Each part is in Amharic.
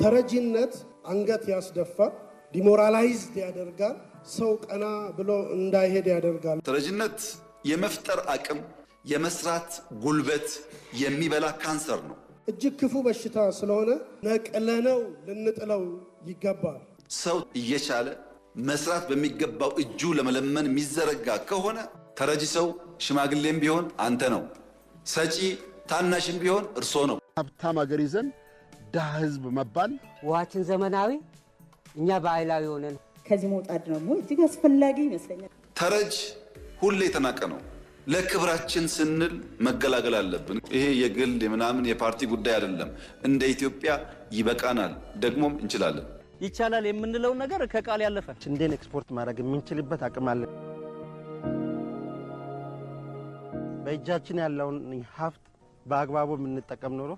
ተረጂነት አንገት ያስደፋል፣ ዲሞራላይዝድ ያደርጋል፣ ሰው ቀና ብሎ እንዳይሄድ ያደርጋል። ተረጂነት የመፍጠር አቅም የመስራት ጉልበት የሚበላ ካንሰር ነው። እጅግ ክፉ በሽታ ስለሆነ ነቅለነው ልንጥለው ይገባል። ሰው እየቻለ መስራት በሚገባው እጁ ለመለመን የሚዘረጋ ከሆነ ተረጂ ሰው ሽማግሌም ቢሆን አንተ ነው፣ ሰጪ ታናሽም ቢሆን እርሶ ነው። ሀብታም አገር ይዘን ድሃ ህዝብ መባል ውሃችን ዘመናዊ እኛ ባህላዊ ነው። ከዚህ መውጣት ደግሞ እጅግ አስፈላጊ ይመስለኛል። ተረጅ ሁሌ የተናቀ ነው። ለክብራችን ስንል መገላገል አለብን። ይሄ የግል የምናምን የፓርቲ ጉዳይ አይደለም። እንደ ኢትዮጵያ ይበቃናል፣ ደግሞም እንችላለን። ይቻላል የምንለው ነገር ከቃል ያለፈ እንዴን ኤክስፖርት ማድረግ የምንችልበት አቅም አለን። በእጃችን ያለውን ሀብት በአግባቡ የምንጠቀም ኖሮ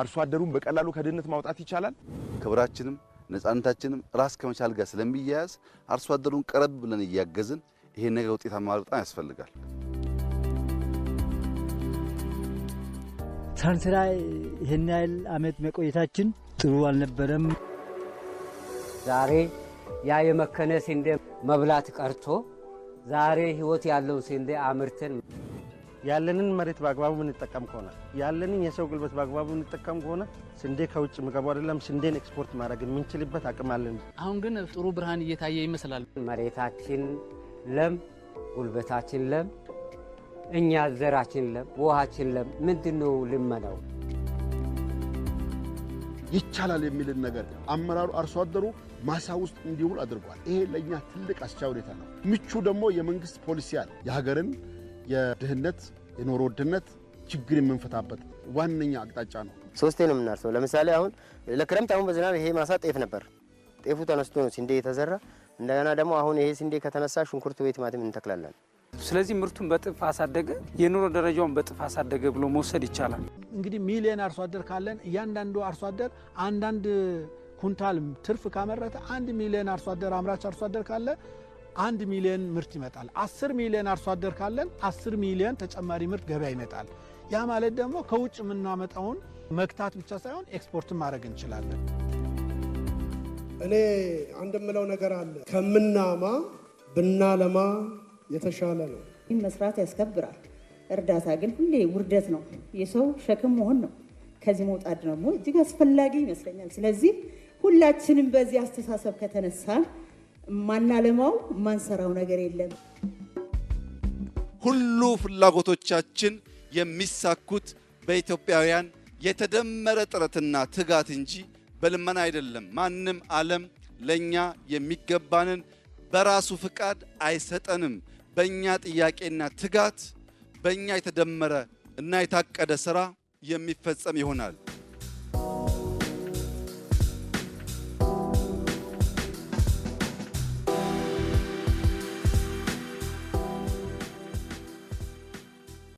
አርሶ አደሩን በቀላሉ ከድህነት ማውጣት ይቻላል። ክብራችንም ነጻነታችንም ራስ ከመቻል ጋር ስለሚያያዝ አርሶ አደሩን ቀረብ ብለን እያገዝን ይሄን ነገር ውጤታማ በጣም ያስፈልጋል። ሳንስራ ይህን ያህል አመት መቆየታችን ጥሩ አልነበረም። ዛሬ ያ የመከነ ስንዴ መብላት ቀርቶ ዛሬ ህይወት ያለው ስንዴ አምርተን ያለንን መሬት በአግባቡ የምንጠቀም ከሆነ ያለንን የሰው ጉልበት በአግባቡ የምንጠቀም ከሆነ ስንዴ ከውጭ ምገቡ አይደለም ስንዴን ኤክስፖርት ማድረግ የምንችልበት አቅም አለን። አሁን ግን ጥሩ ብርሃን እየታየ ይመስላል። መሬታችን ለም፣ ጉልበታችን ለም፣ እኛ ዘራችን ለም፣ ውሃችን ለም። ምንድነው ልመነው? ይቻላል የሚልን ነገር አመራሩ አርሶ አደሩ ማሳ ውስጥ እንዲውል አድርጓል። ይሄ ለእኛ ትልቅ አስቻ ሁኔታ ነው። ምቹ ደግሞ የመንግስት ፖሊሲ አለ የሀገርን የድህነት የኑሮ ውድነት ችግር የምንፈታበት ዋነኛ አቅጣጫ ነው። ሶስቴ ነው የምናርሰው። ለምሳሌ አሁን ለክረምት አሁን በዝናብ ይሄ ማሳ ጤፍ ነበር። ጤፉ ተነስቶ ነው ስንዴ የተዘራ። እንደገና ደግሞ አሁን ይሄ ስንዴ ከተነሳ ሽንኩርት ቤት ማትም እንተክላለን። ስለዚህ ምርቱን በጥፍ አሳደገ፣ የኑሮ ደረጃውን በጥፍ አሳደገ ብሎ መውሰድ ይቻላል። እንግዲህ ሚሊየን አርሶ አደር ካለን እያንዳንዱ አርሶ አደር አንዳንድ ኩንታል ትርፍ ካመረተ አንድ ሚሊየን አርሶ አደር አምራች አርሶ አደር ካለ አንድ ሚሊዮን ምርት ይመጣል። አስር ሚሊዮን አርሶ አደር ካለን አስር ሚሊዮን ተጨማሪ ምርት ገበያ ይመጣል። ያ ማለት ደግሞ ከውጭ የምናመጣውን መግታት ብቻ ሳይሆን ኤክስፖርትን ማድረግ እንችላለን። እኔ አንድ ምለው ነገር አለ። ከምናማ ብናለማ የተሻለ ነው። ይህ መስራት ያስከብራል። እርዳታ ግን ሁሌ ውርደት ነው፣ የሰው ሸክም መሆን ነው። ከዚህ መውጣት ደግሞ እጅግ አስፈላጊ ይመስለኛል። ስለዚህ ሁላችንም በዚህ አስተሳሰብ ከተነሳን ማናለማው ማንሰራው ነገር የለም። ሁሉ ፍላጎቶቻችን የሚሳኩት በኢትዮጵያውያን የተደመረ ጥረትና ትጋት እንጂ በልመና አይደለም። ማንም ዓለም ለእኛ የሚገባንን በራሱ ፍቃድ አይሰጠንም። በእኛ ጥያቄና ትጋት፣ በእኛ የተደመረ እና የታቀደ ሥራ የሚፈጸም ይሆናል።